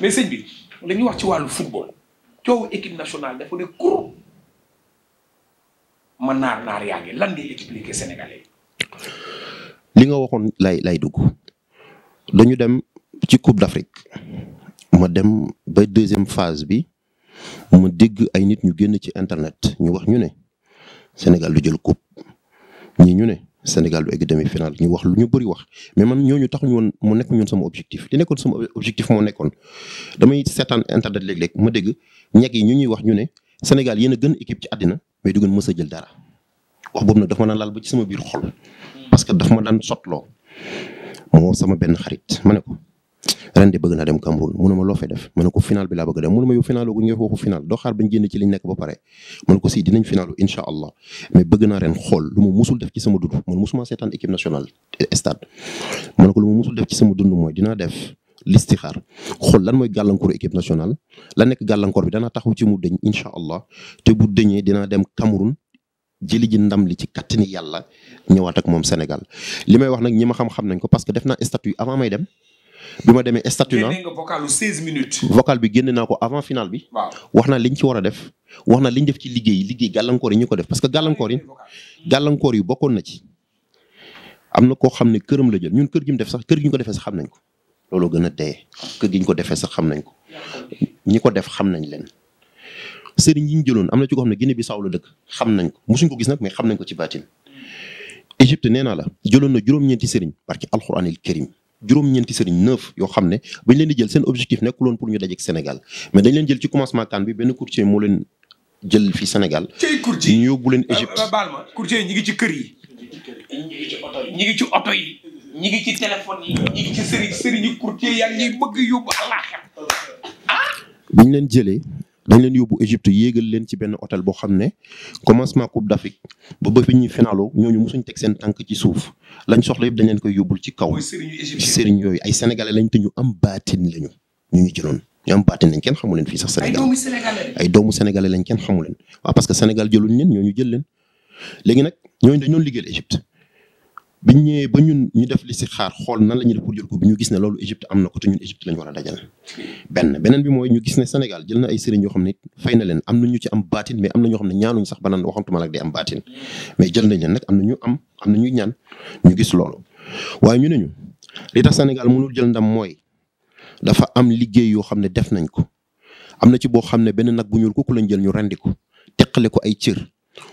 mais sëñ bi dañuy wax ci wàllu football coow équipe nationale dafa ne kur ma naar naar yaa ngi lan ngay expliquer sénégalais li nga waxoon lay lay dugg dañu dem ci coupe d'Afrique ma dem ba deuxième phase bi ma dégg ay nit ñu génn ci internet ñu wax ñu ne Sénégal du jël coupe ñi ñu ne Sénégal du egg demi-finale ñu wax lu ñu bëri wax mais man ñooñu ñu woon mu nekk ñun sama objectif li nekkoon sama objectif moo nekkoon damay seetaan internet léeg-léeg ma dégg ñeg yi ñu ñuy wax ñu ne Sénégal yéen a gën équipe ci àddina mais du gën mës a jël dara wax boobu nag dafa ma daan laal ba ci sama biir xol parce que dafa ma daan sotloo moo sama benn xarit ma ne ko ren de bëgg naa dem Cameroun mu ma fay def ma ko final bi la bëgg dem mu ma final gu ñëw final do xaar bañu jënd ci liñ nekk ba pare ma ko si dinañ finalu incha allah mais bëgg na ren xol lu mu musul def ci sama dund man musuma sétane équipe nationale stade ma ko lu mu musul def ci sama dund moy dina def listikhar xol lan moy gàllankooru équipe nationale la nekk gàllankoor bi dana taxaw ci mu dëñ incha allah te bu deñé dina dem Cameroun jëli ji ndam li ci katini yàlla ñewat ak mom Sénégal limay wax nak ñima xam-xam nañ ko parce que defna statut avant may dem bi ma demee statut na vocal 16 minutes. vocal bi génne naa ko avant final bi. waaw wax naa liñ ci war a def. wax naa liñ def ci liggéey liggéey gàllankoor yi ñu ko def parce que gàllankoor yi gàllankoor yu bokkoon na ci. am na koo xam ne këram la jël ñun kër gi mu def sax kër ñu ko defee sax xam nañ ko loolu gën a dee kër gi ko defee sax xam nañ ko ñi ko def xam nañ leen. sëriñ yi ñu jëloon am na ci koo xam ne bi saw la dëkk xam nañ ko mosuñ ko gis nag mais xam nañ ko ci baatin Égypte nee naa la jëloon na juróom-ñeenti sëriñ parce que alxuraanil karim juróom-ñeenti sëriñ neuf yoo xam ne bañ leen di jël seen objectif nekkuloon pour ñu dajeek Sénégal mais dañ leen jël ci commencement kan bi benn courtier moo leen jël fi Sénégal. tey courtier ñu yóbbu leen Égypte euh, euh, baal courtier ñi ngi ci kër yi. ngi ci oto yi ñi ngi ci oto yi. ñi ngi ci ci sëriñu courtier yaa ngi bëgg yóbbu àllaaxira. ah. biñ leen jële dañ leen yóbbu Égypte yéegal leen ci benn hôtel boo xam ne commencement Coupe d'Afrique ba ba fi ñuy ñoo ñu mosuñ teg seen tànk ci suuf lañ soxla yëpp dañ leen koy yóbbul ci kaw. sëriñ yooyu ay sénégalais lañ te ñu am baatin lañu ñu ñu jëloon. ñu am baatin lañ kenn xamu leen fii sax Sénégal ay doomu sénégalais lañ kenn xamu leen waaw parce que Sénégal jëluñ leen ñu jël leen léegi nag ñooñu dañoo liggéeyal Égypte biñ ñëwee ba ñun ñu def li si xaar xool nan la ñuy def pour jël ko bi ñu gis ne loolu Égypte am na ko te ñun Égypte lañ war a dajal benn beneen bi mooy ñu gis ne Sénégal jël na ay sëriñ yoo xam ne fay na leen am na ñu ci am baatin mais am na ñoo xam ne ñaanuñ sax ba naan waxantuma nag day am mais jël nañ leen am na ñu am am na ñuy ñaan ñu gis loolu. waaye ñu ne ñu li tax Sénégal mënul jël ndam mooy dafa am liggéey yoo xam ne def nañ ko am na ci boo xam ne beneen nag bu ñuul kooku lañ jël ñu rendi ko teqale ko ay cër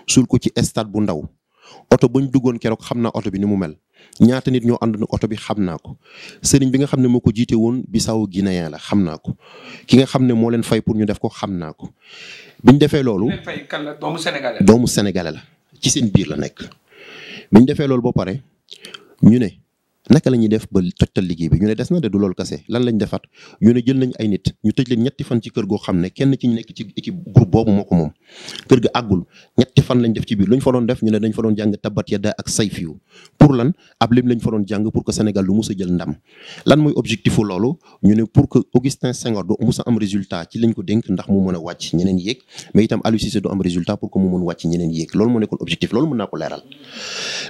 suul ko ci stade bu ndaw oto bañ duggoon keroog xam naa oto bi ni mu mel ñaata nit ñoo àndoon oto bi xam naa ko sëriñ bi nga xam ne moo ko jiite woon Bissau Guinéen la xam naa ko ki nga xam ne moo leen fay pour ñu def ko xam naa ko biñ defee loolu. fay doomu sénégalais la. ci seen biir la nekk biñ defee loolu ba pare ñu ne. naka lañuy def ba toctal liggéey bi ñu ne des na de du loolu kase lan lañ defat ñu ne jël nañ ay nit ñu tëj leen ñetti fan ci kër goo xam ne kenn ci ñu nekk ci équipe groupe boobu moo ko moom kër ga àggul ñetti fan lañ def ci biir luñ fa doon def ñu ne dañ fa doon jàng tabat yadda ak yu pour lan ab lim lañ fa doon jàng pour que Sénégal lu mus a jël ndam lan mooy objectif loolu ñu ne pour que Augustin Senghor du mus a am résultat ci lañ ko dénk ndax mu mën a wàcc ñeneen yéeg mais itam Aliou Cissé du am résultat pour que mu mën wàcc ñeneen yéeg loolu moo nekkoon objectif loolu mën naa ko leeral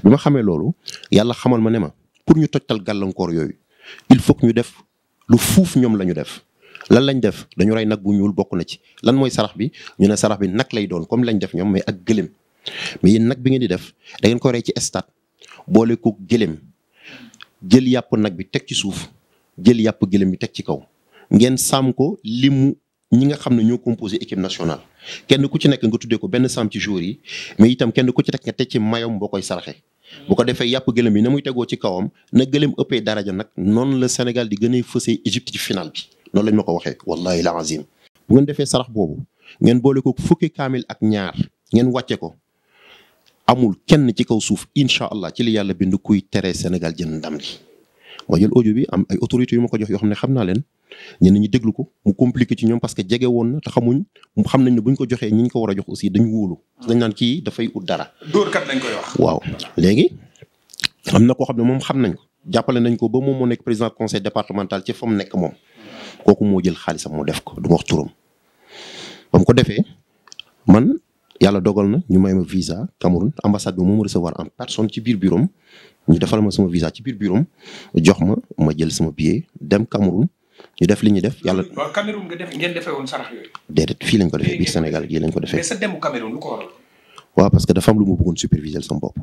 bi ma xamee loolu yàlla xamal ma ne ma pour ñu tojtal gàllankoor yooyu il faut que ñu def lu fouf ñoom la ñu def lan lañ def dañu ray nak bu ñuul bokku na ci lan moy sarax bi ñu ne sarax bi nak lay doon comme lañ def ñom mais ak gëléem mais nak bi ngeen di def da ngeen ko rey ci stade boole ko gëléem jël yap nak bi tek ci suuf jël yap gëléem bi tek ci kaw ngeen sam ko limu ñi nga xamne ñoo composer équipe nationale kenn ku ci nek nga tuddee ko benn sam ci jour yi mais itam kenn ku ci tek nga teg ci mayom bokoy koy bu ko defee yàpp gëlëm yi na muy tegoo ci kawam na gëlëm ëppee daraja nag noonu la Sénégal di gën a fësee Égypte ci final bi loolu lañ ma ko waxee wallahi la azim bu ngeen defee sarax boobu ngeen boole ko fukki kaamil ak ñaar ngeen wàcce ko amul kenn ci kaw suuf incha allah ci li yàlla bind kuy tere Sénégal jënd ndam li moo jël ojo bi am ay autorité yu ma ko jox yoo xam ne xam naa leen ñenn ñi déglu ko mu compliqué ci ñoom parce que jege woon na te xamuñ xam nañ ne buñ ko joxee ñi ñu ko war a jox aussi dañ wóolu. dañ naan kii dafay ut dara. dóorkat lañ waaw léegi xam na koo xam ne moom xam nañ ko jàppale nañ ko ba moom moo nekk président conseil départemental ci fa mu nekk moom kooku moo jël xaalisam mu def ko du ma wax turam ba mu ko defee man yàlla dogal na ñu may ma visa Cameroun ambassade bi moom recevoir en personne ci biir bureau ñu defal ma sama visa ci biir bureau jox ma ma jël sama billet dem Cameroun ñu def li ñuy def yàlla. waaw Cameroun nga def ngeen defee woon sarax yooyu. déedéet fii lañ ko defee biir Sénégal gii lañ ko defee. mais sa demu Cameroun lu ko waral. waaw parce que dafa am lu ma bëggoon superviser sama bopp.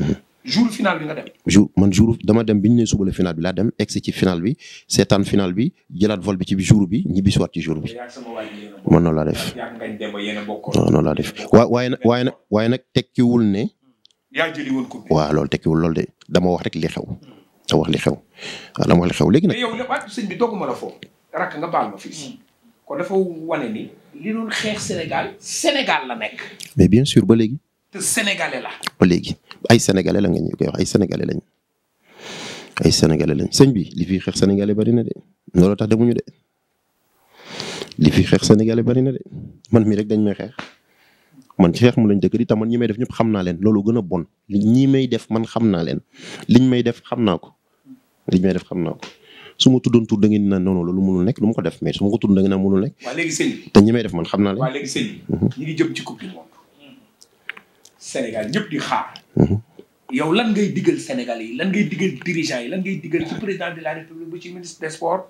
Mhm. jour final bi nga dem. jour man jour dama dem bi ñu ne suba la final bi laa dem egsi ci final bi seetaan final bi jëlaat vol bi ci jour bi ñibbi si ci jour bi. man noonu laa def. waaw noonu laa def waaye waaye nag waaye nag tekkiwul ne. yaa jëli woon coupe bi waaw loolu tekkiwul loolu de dama wax rek li xew. dama wax li xew waaw dama wax li xew léegi nag. mais yow lépp sëñ bi dogguma la foofu. rakk nga baal ma fii. kon dafa wane ni. li doon xeex Sénégal Sénégal la nekk. mais bien sûr ba léegi. te sénégalais la. ba léegi ay sénégalais la nga ñu koy wax ay sénégalais lañ ay sénégalais lañ sëñ bi li fi xeex sénégalais bari na de loolu tax demuñu de li fi xeex sénégalais bari na de man mii rek dañ may xeex. man ci xeex mu lañ dëkk di tam man ñi may def ñëpp xam naa leen loolu gën a bon ñi may def man xam naa leen liñ may def xam naa ko liñ may def xam naa su ma tuddoon tur da ngeen naan non non loolu mënul nekk du ma ko def mais su ma ko tudd da ngeen naan mënul nekk. waaw léegi sëñ bi te ñi may def man xam naa leen. waaw léegi sëñ bi. Mhm. ñu ngi jëm ci coupe du monde. Sénégal ñëpp di xaar. Mhm. la république ba ci ministre des waaw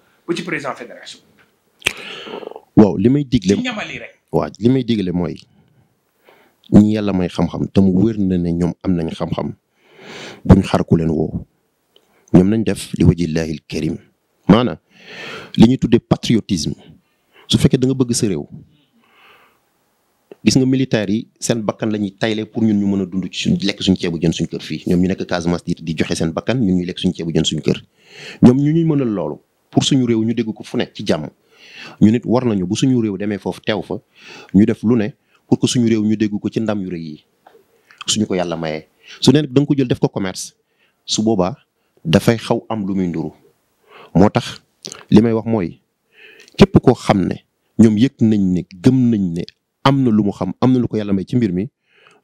li may digle. ci waaw li may digle mooy ñi yàlla may xam-xam te mu wér na ne ñoom am nañ xam-xam buñ xar ku leen woo ñoom nañ def li wajillaahi al karim maanaam li ñuy tuddee patriotisme su fekkee da nga bëgg sa réew gis nga militaires yi seen bakkan la ñuy pour ñun ñu mën a dund ci suñ lekk suñ ceebu jën suñ kër fii ñoom ñu nekk Casamance di di joxe seen bakkan ñun ñuy lekk suñ ceebu jën suñ kër ñoom ñu ñuy mënal loolu pour suñu réew ñu dégg ko fu ne ci jàmm ñu nit war nañu bu suñu réew demee foofu teew fa ñu def lu ne pour que suñu réew ñu dégg ko ci ndam yu rëy yi suñu ko yàlla mayee su neen da ko jël def ko commerce su boobaa dafay xaw am lu moo tax li may wax mooy képp koo xam ne ñoom yëg nañ ne gëm nañ ne am na lu mu xam am na lu ko yàlla may ci mbir mi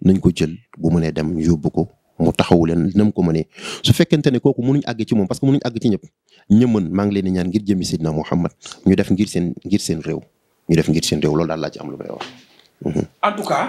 nañ ko jël bu mënee dem ñu yóbbu ko mu taxawu leen nam ko mënee su fekkente ne kooku mënuñ àgg ci moom parce que àgg ci ñëpp ñëmën maa ngi leen di ñaan ngir jëmi sidna Muhammad ñu def ngir seen ngir seen réew ñu def ngir seen réew loolu daal laa am lu may wax. A uhum. tout